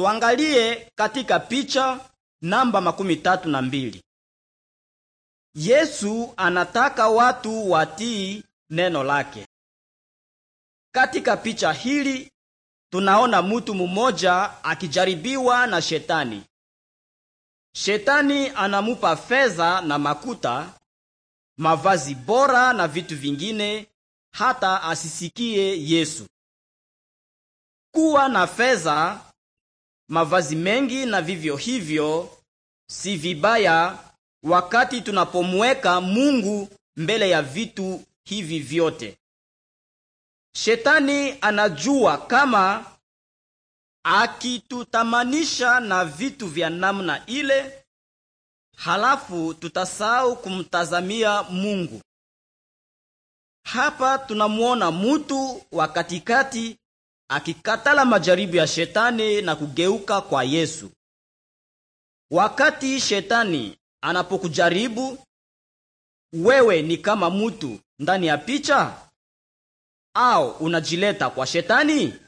Tuangalie katika picha namba makumi tatu na mbili. Yesu anataka watu watii neno lake. Katika picha hili tunaona mutu mumoja akijaribiwa na shetani. Shetani anamupa fedha na makuta, mavazi bora na vitu vingine, hata asisikie Yesu. Kuwa na fedha mavazi mengi, na vivyo hivyo si vibaya wakati tunapomweka Mungu mbele ya vitu hivi vyote. Shetani anajua kama akitutamanisha na vitu vya namna ile, halafu tutasahau kumtazamia Mungu. Hapa tunamwona mutu wa katikati akikatala majaribu ya shetani na kugeuka kwa Yesu. Wakati shetani anapokujaribu wewe, ni kama mtu ndani ya picha au unajileta kwa shetani?